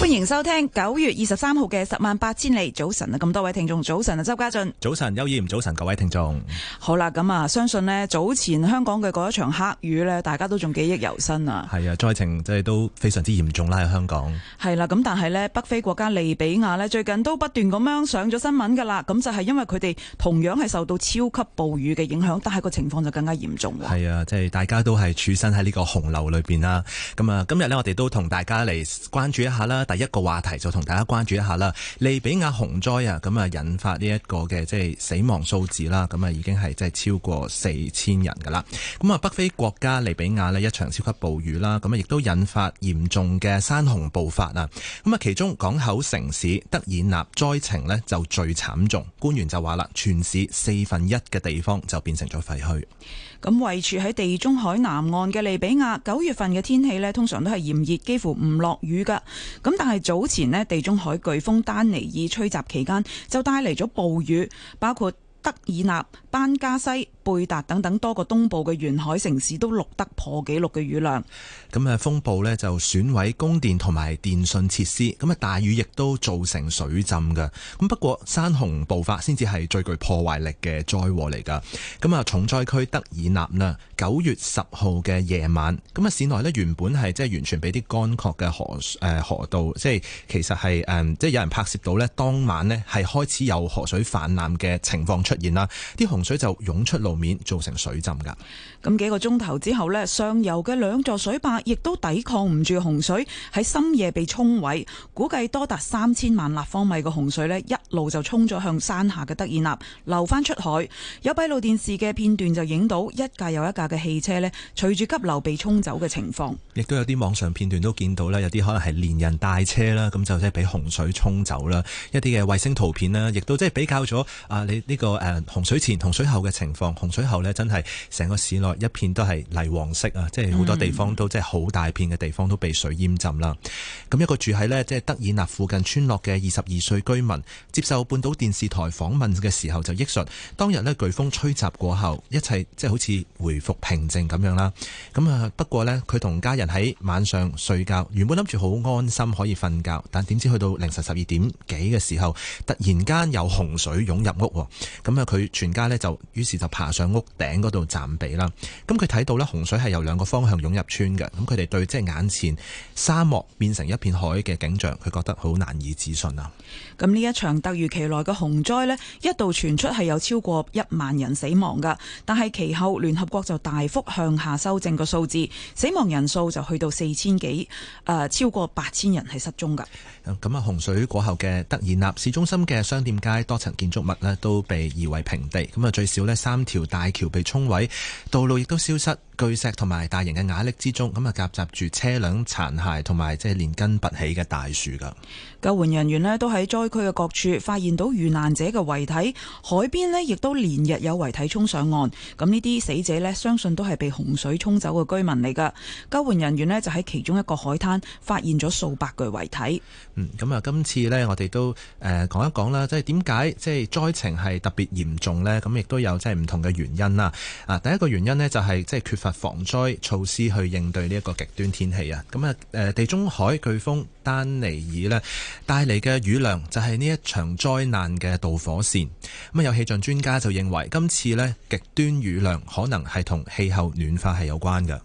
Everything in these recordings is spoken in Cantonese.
歡迎收聽九月二十三號嘅十萬八千里，早晨啊！咁多位聽眾，早晨啊，周家俊，早晨，邱以賢，早晨，各位聽眾，好啦，咁啊，相信呢，早前香港嘅嗰一場黑雨呢，大家都仲記憶猶新啊！係啊，災情真係都非常之嚴重啦，喺香港係啦，咁、啊、但係呢，北非國家利比亞呢，最近都不斷咁樣上咗新聞噶啦，咁就係、是、因為佢哋同樣係受到超級暴雨嘅影響，但係個情況就更加嚴重嘅。係啊，即、就、係、是、大家都係處身喺呢個洪流裏邊啦。咁啊，今日呢，我哋都同大家嚟關注一下啦。第一個話題就同大家關注一下啦，利比亞洪災啊，咁啊引發呢、這、一個嘅即係死亡數字啦，咁啊已經係即係超過四千人噶啦。咁啊北非國家利比亞呢，一場超級暴雨啦，咁啊亦都引發嚴重嘅山洪暴發啊。咁啊其中港口城市德爾納災情呢，就最慘重，官員就話啦，全市四分一嘅地方就變成咗廢墟。咁位處喺地中海南岸嘅利比亞，九月份嘅天氣呢，通常都係炎熱，幾乎唔落雨噶，咁。但係早前呢，地中海颶風丹尼爾吹襲期間，就帶嚟咗暴雨，包括德爾納、班加西。貝達等等多個東部嘅沿海城市都錄得破紀錄嘅雨量。咁啊，風暴呢就損毀供電同埋電信設施。咁啊，大雨亦都造成水浸噶。咁不過山洪爆發先至係最具破壞力嘅災禍嚟噶。咁啊，重災區德爾納啦。九月十號嘅夜晚，咁啊，市內咧原本係即係完全俾啲乾涸嘅河誒、呃、河道，即、就、係、是、其實係誒即係有人拍攝到咧，當晚咧係開始有河水泛濫嘅情況出現啦。啲洪水就湧出路。面造成水浸噶。咁幾個鐘頭之後咧，上游嘅兩座水壩亦都抵抗唔住洪水，喺深夜被沖毀。估計多達三千萬立方米嘅洪水咧，一路就沖咗向山下嘅德爾納，流翻出海。有閉路電視嘅片段就影到一架又一架嘅汽車咧，隨住急流被沖走嘅情況。亦都有啲網上片段都見到咧，有啲可能係連人帶車啦，咁就即係俾洪水沖走啦。一啲嘅衛星圖片啦，亦都即係比較咗啊，你呢、這個誒洪水前、洪水後嘅情況。洪水後呢真係成個市內一片都係泥黃色啊！即係好多地方、嗯、都即係好大片嘅地方都被水淹浸啦。咁一個住喺呢即係德爾納附近村落嘅二十二歲居民，接受半島電視台訪問嘅時候就憶述：當日呢，颶風吹襲過後，一切即係好似回復平靜咁樣啦。咁啊不過呢，佢同家人喺晚上睡覺，原本諗住好安心可以瞓覺，但點知去到凌晨十二點幾嘅時候，突然間有洪水湧入屋。咁啊佢全家呢就於是就爬。上屋頂嗰度暫避啦，咁佢睇到呢洪水係由兩個方向湧入村嘅，咁佢哋對即係眼前沙漠變成一片海嘅景象，佢覺得好難以置信啊！咁呢一場突如其來嘅洪災呢，一度傳出係有超過一萬人死亡嘅，但係其後聯合國就大幅向下修正個數字，死亡人數就去到四千幾，誒、呃、超過八千人係失蹤嘅。咁啊，洪水過後嘅德爾納市中心嘅商店街多層建築物呢，都被夷為平地，咁啊最少呢三條。大橋被沖毀，道路亦都消失。巨石同埋大型嘅瓦礫之中，咁啊夾雜住車輛殘骸同埋即係連根拔起嘅大樹噶。救援人員咧都喺災區嘅各處發現到遇難者嘅遺體，海邊咧亦都連日有遺體沖上岸。咁呢啲死者咧，相信都係被洪水沖走嘅居民嚟噶。救援人員咧就喺其中一個海灘發現咗數百具遺體。嗯，咁啊，今次咧我哋都誒講一講啦，即係點解即係災情係特別嚴重咧？咁亦都有即係唔同嘅原因啦。啊，第一個原因咧就係即係缺乏。防災措施去應對呢一個極端天氣啊，咁啊，誒，地中海颶風丹尼爾咧帶嚟嘅雨量就係呢一場災難嘅導火線。咁有氣象專家就認為今次咧極端雨量可能係同氣候暖化係有關嘅。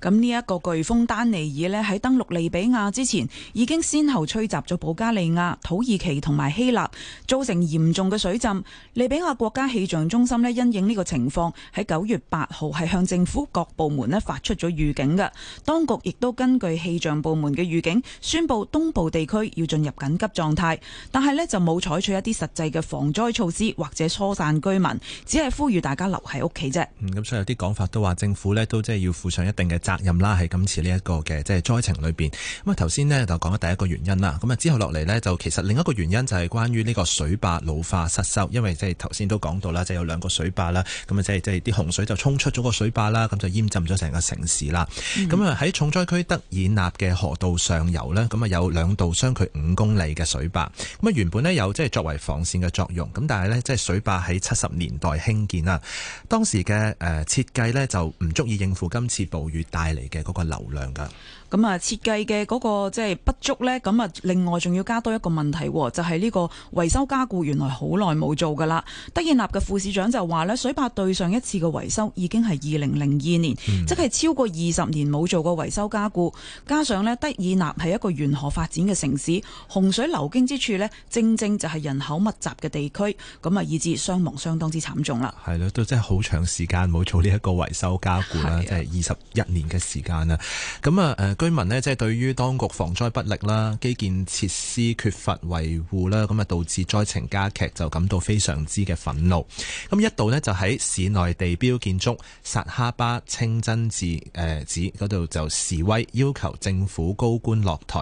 咁呢一個颶風丹尼爾咧喺登陸利比亞之前，已經先後吹襲咗保加利亞、土耳其同埋希臘，造成嚴重嘅水浸。利比亞國家氣象中心咧因應呢個情況，喺九月八號係向政府各。部門呢發出咗預警㗎，當局亦都根據氣象部門嘅預警，宣布東部地區要進入緊急狀態，但係呢，就冇採取一啲實際嘅防災措施或者疏散居民，只係呼籲大家留喺屋企啫。咁、嗯、所以有啲講法都話政府呢，都即係要負上一定嘅責任啦，喺今次呢一個嘅即係災情裏邊。咁啊頭先呢，就講咗第一個原因啦，咁啊之後落嚟呢，就其實另一個原因就係關於呢個水壩老化失修，因為即係頭先都講到、就是、啦，即係有兩個水壩啦，咁啊即係即係啲洪水就衝出咗個水壩啦，咁就。淹浸咗成個城市啦，咁啊喺重災區德爾納嘅河道上游呢，咁啊有兩道相距五公里嘅水壩，咁啊原本呢，有即係作為防線嘅作用，咁但係呢，即係水壩喺七十年代興建啦，當時嘅誒設計呢就唔足以應付今次暴雨帶嚟嘅嗰個流量噶。咁啊，設計嘅嗰個即係不足呢。咁啊，另外仲要加多一個問題喎，就係、是、呢個維修加固原來好耐冇做噶啦。德爾納嘅副市長就話呢水壩對上一次嘅維修已經係二零零二年，嗯、即係超過二十年冇做過維修加固。加上呢，德爾納係一個沿河發展嘅城市，洪水流經之處呢，正正就係人口密集嘅地區，咁啊，以致傷亡相當之慘重啦。係咯，都真係好長時間冇做呢一個維修加固啦，即係二十一年嘅時間啦。咁啊，呃居民呢即係對於當局防災不力啦、基建設施缺乏維護啦，咁啊導致災情加劇，就感到非常之嘅憤怒。咁一度呢就喺市內地標建築撒哈巴清真寺誒、呃、寺嗰度就示威，要求政府高官落台。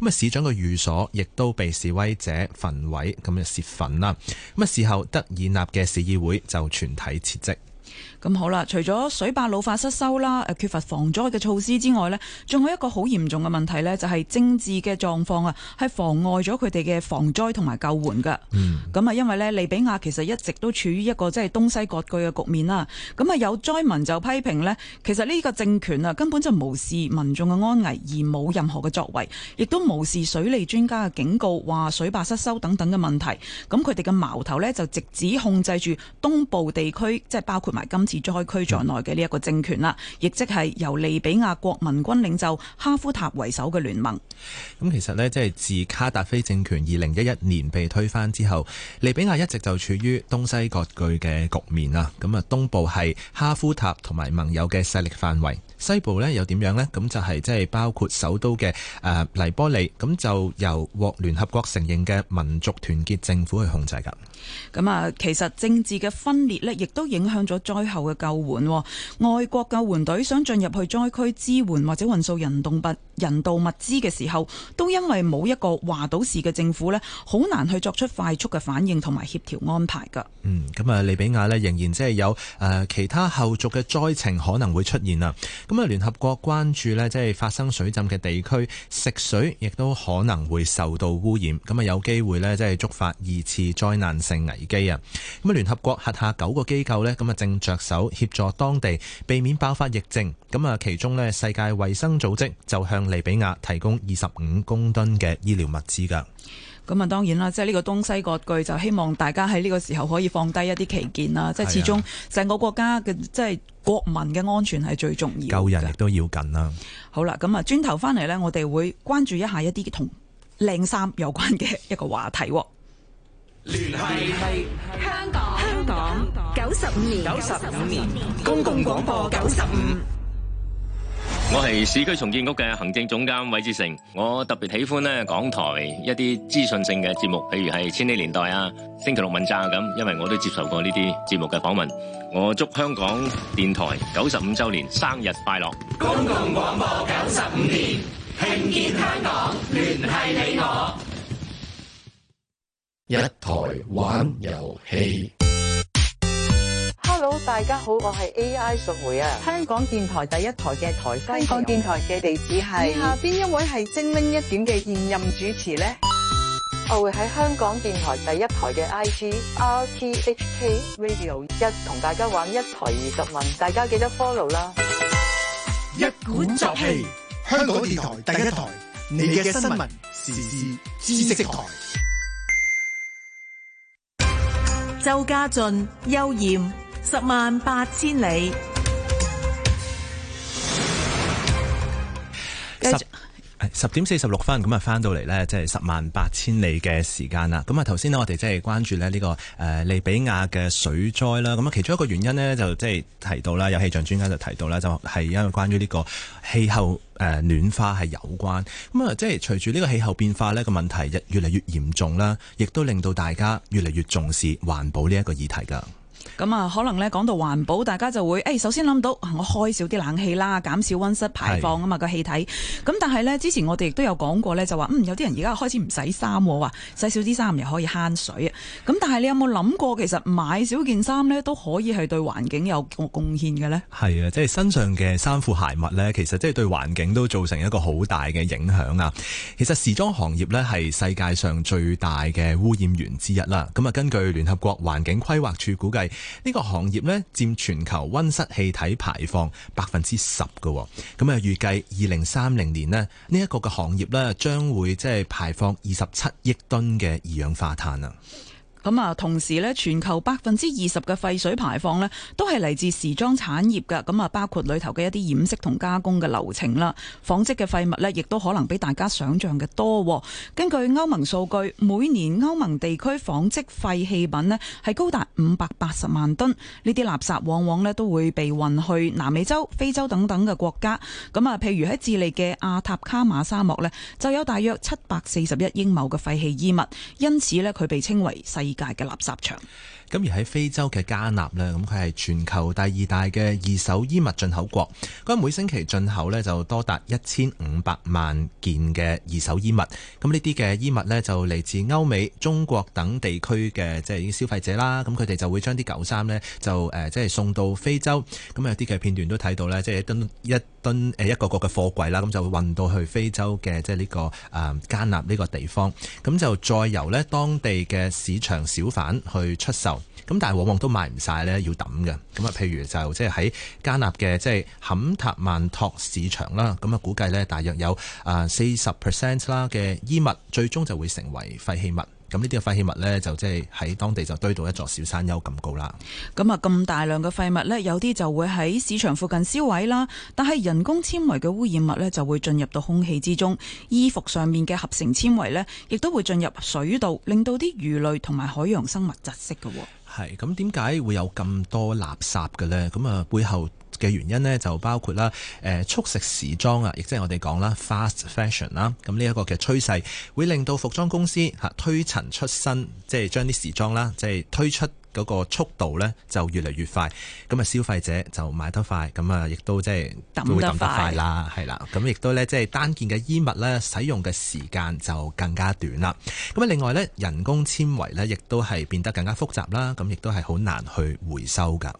咁啊，市長嘅寓所亦都被示威者焚毀，咁啊泄憤啦。咁啊，事後德爾納嘅市議會就全體撤職。咁好啦，除咗水壩老化失修啦，誒缺乏防災嘅措施之外咧，仲有一個好嚴重嘅問題咧，就係，是，政治嘅狀況啊，係妨礙咗佢哋嘅防災同埋救援噶。嗯，咁啊，因為咧利比亞其實一直都處於一個即係東西割據嘅局面啦。咁啊，有災民就批評咧，其實呢個政權啊根本就無視民眾嘅安危而冇任何嘅作為，亦都無視水利專家嘅警告，話水壩失修等等嘅問題，咁佢哋嘅矛頭咧就直指控制住東部地區，即係包括埋今。受災區在內嘅呢一個政權啦，亦即係由利比亞國民軍領袖哈夫塔為首嘅聯盟。咁、嗯、其實呢，即係自卡達菲政權二零一一年被推翻之後，利比亞一直就處於東西割據嘅局面啊。咁啊，東部係哈夫塔同埋盟友嘅勢力範圍，西部呢又點樣呢？咁就係即係包括首都嘅誒、呃、黎波里，咁就由獲聯合國承認嘅民族團結政府去控制噶。咁啊、嗯，其實政治嘅分裂呢，亦都影響咗災後。嘅救援，外國救援隊想進入去災區支援或者運送人動物人道物資嘅時候，都因為冇一個話到事嘅政府咧，好難去作出快速嘅反應同埋協調安排噶。嗯，咁啊，利比亞咧仍然即係有誒、呃、其他後續嘅災情可能會出現啊。咁、嗯、啊，聯合國關注咧即係發生水浸嘅地區，食水亦都可能會受到污染，咁、嗯、啊有機會咧即係觸發二次災難性危機啊。咁、嗯、啊，聯合國轄下九個機構咧咁啊正着。協助當地避免爆發疫症，咁啊，其中呢世界衛生組織就向利比亞提供二十五公噸嘅醫療物資噶。咁啊，當然啦，即係呢個東西割據，就希望大家喺呢個時候可以放低一啲歧見啦，即係始終成個國家嘅即係國民嘅安全係最重要的，救人亦都要緊啦。好啦，咁啊，轉頭翻嚟呢，我哋會關注一下一啲同靚衫有關嘅一個話題。聯繫係香港。港九十五年，九十五年，公共廣播九十五。我係市區重建局嘅行政總監韋志成。我特別喜歡呢港台一啲資訊性嘅節目，譬如係《千禧年代》啊、《星期六問責》咁，因為我都接受過呢啲節目嘅訪問。我祝香港電台九十五周年生日快樂！公共廣播九十五年，慶建香港，聯繫你我。一台玩遊戲。大家好，我係 AI 淑梅啊！香港電台第一台嘅台西，香港電台嘅地址係下邊一位係精靈一點嘅現任主持咧。 我會喺香港電台第一台嘅 I G R T H K Radio 一同大家玩一台二十問，大家記得 follow 啦。一鼓作氣，香港電台第一台，你嘅新聞、時事、知識台。周家俊、邱艷。十萬八千里十，十點四十六分咁啊，翻到嚟呢，即係十萬八千里嘅時間啦。咁啊，頭先呢，我哋即係關注咧呢、呢個誒、呃、利比亞嘅水災啦。咁啊，其中一個原因呢，就即係提到啦，有氣象專家就提到啦，就係、是、因為關於呢個氣候誒暖化係有關。咁啊，即係隨住呢個氣候變化呢個問題越越嚟越嚴重啦，亦都令到大家越嚟越重視環保呢一個議題噶。咁啊，可能咧講到環保，大家就會誒，首先諗到我開少啲冷氣啦，減少溫室排放啊嘛個氣體。咁但係呢之前我哋亦都有講過呢，就話嗯，有啲人而家開始唔洗衫，話洗少啲衫又可以慳水啊。咁但係你有冇諗過，其實買少件衫呢都可以係對環境有貢獻嘅呢？係啊，即係身上嘅衫褲鞋襪呢，其實即係對環境都造成一個好大嘅影響啊。其實時裝行業呢，係世界上最大嘅污染源之一啦。咁啊，根據聯合國環境規劃署估計，呢個行業咧佔全球温室氣體排放百分之十㗎喎，咁啊預計二零三零年呢，呢一個嘅行業咧將會即係排放二十七億噸嘅二氧化碳啊。咁啊，同時咧，全球百分之二十嘅廢水排放咧，都係嚟自時裝產業嘅。咁啊，包括裏頭嘅一啲染色同加工嘅流程啦，紡織嘅廢物咧，亦都可能比大家想象嘅多。根據歐盟數據，每年歐盟地區紡織廢棄品咧係高達五百八十萬噸，呢啲垃圾往往咧都會被運去南美洲、非洲等等嘅國家。咁啊，譬如喺智利嘅阿塔卡馬沙漠咧，就有大約七百四十一英畝嘅廢棄衣物，因此咧佢被稱為世。世界嘅垃圾場。咁而喺非洲嘅加納咧，咁佢係全球第二大嘅二手衣物進口國，佢每星期進口咧就多達一千五百萬件嘅二手衣物。咁呢啲嘅衣物咧就嚟自歐美、中國等地區嘅即係經消費者啦。咁佢哋就會將啲舊衫咧就誒即係送到非洲。咁有啲嘅片段都睇到咧，即係一噸一噸誒一個個嘅貨櫃啦，咁就會運到去非洲嘅即係呢個誒加納呢個地方。咁就再由咧當地嘅市場小販去出售。咁但係往往都賣唔晒咧，要抌嘅。咁啊，譬如就即係喺加納嘅即係坎塔曼托市場啦，咁啊，估計咧大約有啊四十 percent 啦嘅衣物最終就會成為廢棄物。咁呢啲嘅廢棄物呢，就即係喺當地就堆到一座小山丘咁高啦。咁啊，咁大量嘅廢物呢，有啲就會喺市場附近燒毀啦。但係人工纖維嘅污染物呢，就會進入到空氣之中。衣服上面嘅合成纖維呢，亦都會進入水道，令到啲魚類同埋海洋生物窒息嘅。係，咁，點解會有咁多垃圾嘅咧？咁啊背後嘅原因咧，就包括啦，誒、呃、速食時裝啊，亦即係我哋講啦 fast fashion 啦，咁呢一個嘅趨勢會令到服裝公司吓推陳出新，即係將啲時裝啦，即係推出。嗰個速度呢就越嚟越快，咁啊消費者就買得快，咁啊亦都即係抌得快啦，係啦，咁亦都呢，即係單件嘅衣物呢使用嘅時間就更加短啦。咁啊另外呢，人工纖維呢，亦都係變得更加複雜啦，咁亦都係好難去回收㗎。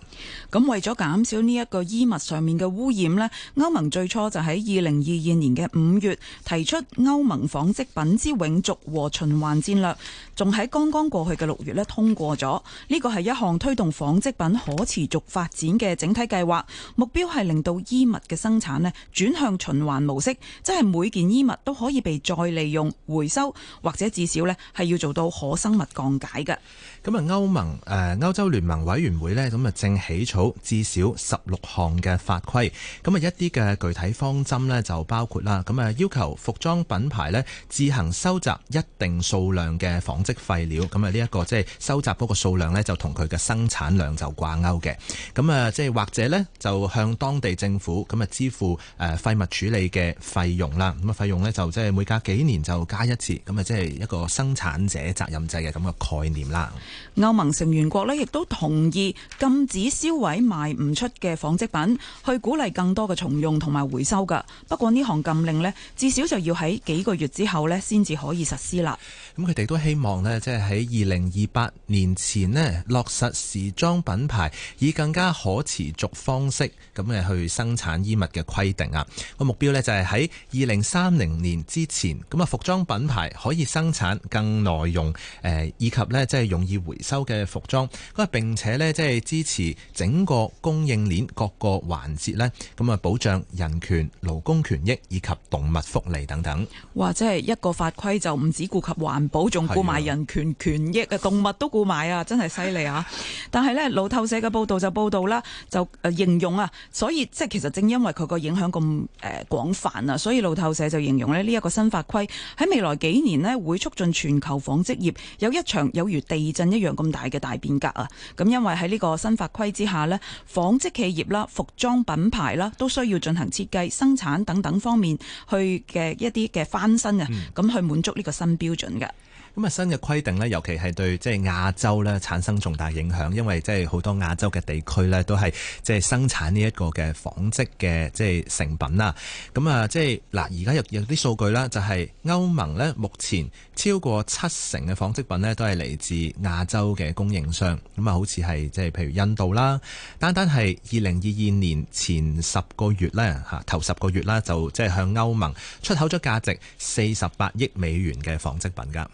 咁為咗減少呢一個衣物上面嘅污染呢，歐盟最初就喺二零二二年嘅五月提出歐盟紡織品之永續和循環戰略，仲喺剛剛過去嘅六月呢通過咗呢。呢個係一項推動紡織品可持續發展嘅整體計劃，目標係令到衣物嘅生產呢轉向循環模式，即係每件衣物都可以被再利用、回收，或者至少呢係要做到可生物降解嘅。咁啊，歐盟誒歐洲聯盟委員會呢咁啊正起草至少十六項嘅法規咁啊，一啲嘅具體方針呢就包括啦，咁啊要求服裝品牌呢自行收集一定數量嘅紡織廢料。咁啊，呢一個即係收集嗰個數量呢就同佢嘅生產量就掛鈎嘅。咁啊，即係或者呢就向當地政府咁啊支付誒廢物處理嘅費用啦。咁啊，費用呢就即係每隔幾年就加一次。咁啊，即係一個生產者責任制嘅咁個概念啦。歐盟成員國呢，亦都同意禁止銷毀賣唔出嘅紡織品，去鼓勵更多嘅重用同埋回收㗎。不過呢項禁令呢，至少就要喺幾個月之後呢，先至可以實施啦。咁佢哋都希望咧，即係喺二零二八年前咧落實時裝品牌以更加可持續方式咁嘅去生產衣物嘅規定啊，個目標咧就係喺二零三零年之前，咁啊服裝品牌可以生產更耐用誒，以及咧即係容易回收嘅服裝，咁啊並且咧即係支持整個供應鏈各個環節咧，咁啊保障人權勞工權益以及動物福利等等。或者係一個法規就唔止顧及環。保仲顧埋人權權益啊，動物都顧埋啊，真係犀利啊！但係呢，路透社嘅報道就報道啦，就誒、呃、形容啊，所以即係其實正因為佢個影響咁誒廣泛啊，所以路透社就形容呢呢一個新法規喺未來幾年呢，會促進全球紡織業有一場有如地震一樣咁大嘅大變革啊！咁因為喺呢個新法規之下呢，紡織企業啦、服裝品牌啦，都需要進行設計、生產等等方面去嘅一啲嘅翻新啊，咁、嗯、去滿足呢個新標準嘅。咁啊，新嘅規定咧，尤其係對即係亞洲咧產生重大影響，因為即係好多亞洲嘅地區咧都係即係生產呢一個嘅紡織嘅即係成品啦。咁啊，即係嗱，而家有有啲數據啦，就係歐盟咧，目前超過七成嘅紡織品咧都係嚟自亞洲嘅供應商。咁啊，好似係即係譬如印度啦，單單係二零二二年前十個月咧嚇頭十個月啦，就即係向歐盟出口咗價值四十八億美元嘅紡織品噶。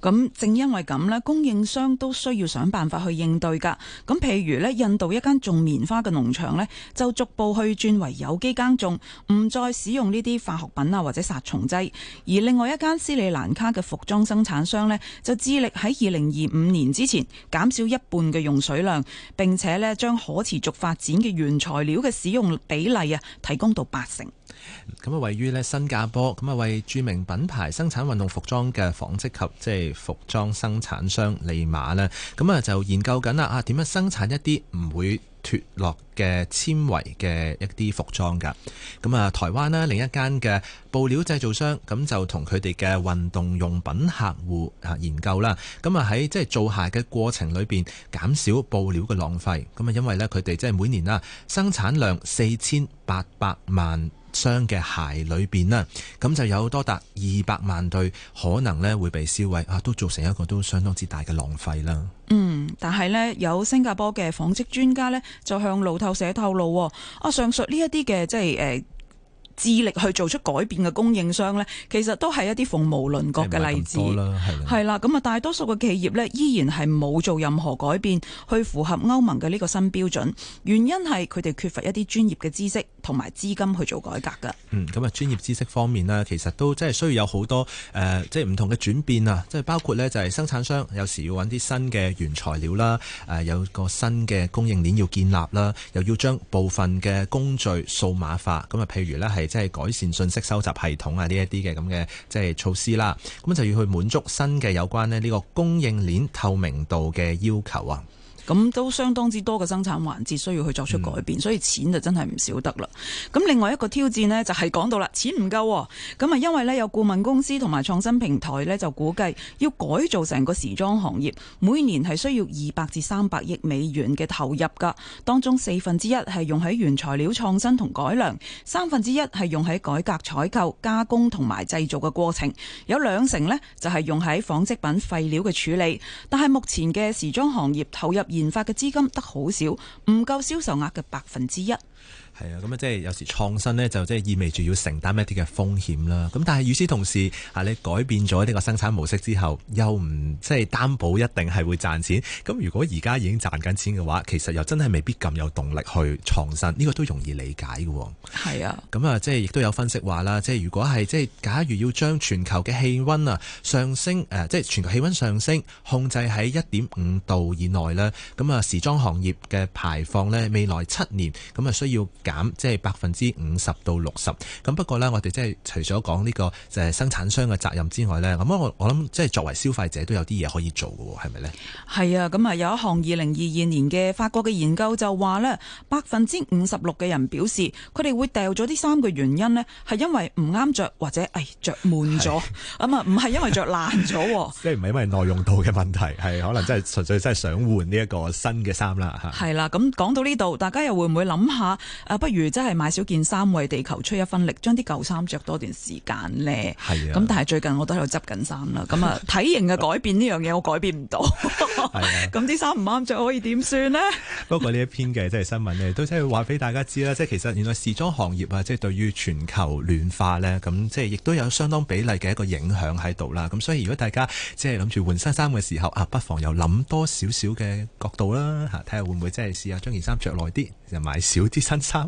咁正因為咁呢，供應商都需要想辦法去應對噶。咁譬如呢，印度一間種棉花嘅農場呢，就逐步去轉為有機耕種，唔再使用呢啲化學品啊或者殺蟲劑。而另外一間斯里蘭卡嘅服裝生產商呢，就致力喺2025年之前減少一半嘅用水量，並且呢，將可持續發展嘅原材料嘅使用比例啊，提供到八成。咁啊，位於呢新加坡咁啊，為著名品牌生產運動服裝嘅紡織及即係服裝生產商利馬咧。咁啊，就研究緊啦啊，點樣生產一啲唔會脫落嘅纖維嘅一啲服裝㗎。咁啊，台灣呢另一間嘅布料製造商咁就同佢哋嘅運動用品客戶啊研究啦。咁啊，喺即係做鞋嘅過程裏面減少布料嘅浪費。咁啊，因為咧佢哋即係每年啦生產量四千八百萬。雙嘅鞋裏邊啦，咁就有多達二百萬對，可能呢會被燒毀啊，都造成一個都相當之大嘅浪費啦。嗯，但係呢，有新加坡嘅紡織專家呢，就向路透社透露，啊，上述呢一啲嘅即係誒。呃致力去做出改變嘅供應商呢，其實都係一啲鳳毛麟角嘅例子。係啦，咁啊，的大多數嘅企業呢，依然係冇做任何改變去符合歐盟嘅呢個新標準。原因係佢哋缺乏一啲專業嘅知識同埋資金去做改革嘅。嗯，咁啊，專業知識方面咧，其實都真係需要有好多誒、呃，即係唔同嘅轉變啊，即係包括呢，就係生產商有時要揾啲新嘅原材料啦，誒、呃，有個新嘅供應鏈要建立啦，又要將部分嘅工序數碼化。咁啊，譬如呢。係。即係改善信息收集系統啊，呢一啲嘅咁嘅即係措施啦，咁就要去滿足新嘅有關咧呢個供應鏈透明度嘅要求啊。咁都相當之多嘅生產環節需要去作出改變，嗯、所以錢就真係唔少得啦。咁另外一個挑戰呢，就係講到啦，錢唔夠喎。咁啊，因為呢，有顧問公司同埋創新平台呢，就估計要改造成個時裝行業，每年係需要二百至三百億美元嘅投入㗎。當中四分之一係用喺原材料創新同改良，三分之一係用喺改革採購、加工同埋製造嘅過程，有兩成呢，就係用喺紡織品廢料嘅處理。但係目前嘅時裝行業投入研發嘅資金得好少，唔夠銷售額嘅百分之一。係啊，咁啊，即係有時創新呢，就即係意味住要承擔一啲嘅風險啦。咁但係與此同時，啊，你改變咗呢個生產模式之後，又唔即係擔保一定係會賺錢。咁如果而家已經賺緊錢嘅話，其實又真係未必咁有動力去創新。呢個都容易理解嘅。係啊。咁啊，即係亦都有分析話啦，即係如果係即係假如要將全球嘅氣温啊上升，呃，即係全球氣温上升控制喺一點五度以內啦。咁啊，時裝行業嘅排放呢，未來七年咁啊需要，減即係百分之五十到六十，咁不過呢，我哋即係除咗講呢個就係生產商嘅責任之外呢，咁我我諗即係作為消費者都有啲嘢可以做嘅，係咪呢？係啊，咁啊有一項二零二二年嘅法國嘅研究就話呢，百分之五十六嘅人表示，佢哋會掉咗啲衫嘅原因呢，係因為唔啱着，或者誒着悶咗，咁啊唔係因為着爛咗，即係唔係因為耐用度嘅問題，係可能真係純粹真係想換呢一個新嘅衫啦吓。係啦，咁講到呢度，大家又會唔會諗下不如真係買少件衫，為地球出一分力，將啲舊衫着多段時間咧。係啊，咁但係最近我都喺度執緊衫啦。咁啊，體型嘅改變呢樣嘢，我改變唔到。咁啲衫唔啱着可以點算呢？啊、不過呢一篇嘅即係新聞咧， 都真係話俾大家知啦。即係其實原來時裝行業啊，即係對於全球暖化咧，咁即係亦都有相當比例嘅一個影響喺度啦。咁所以如果大家即係諗住換新衫嘅時候啊，不妨又諗多少少嘅角度啦。睇下會唔會即係試下將件衫着耐啲，就買少啲新衫。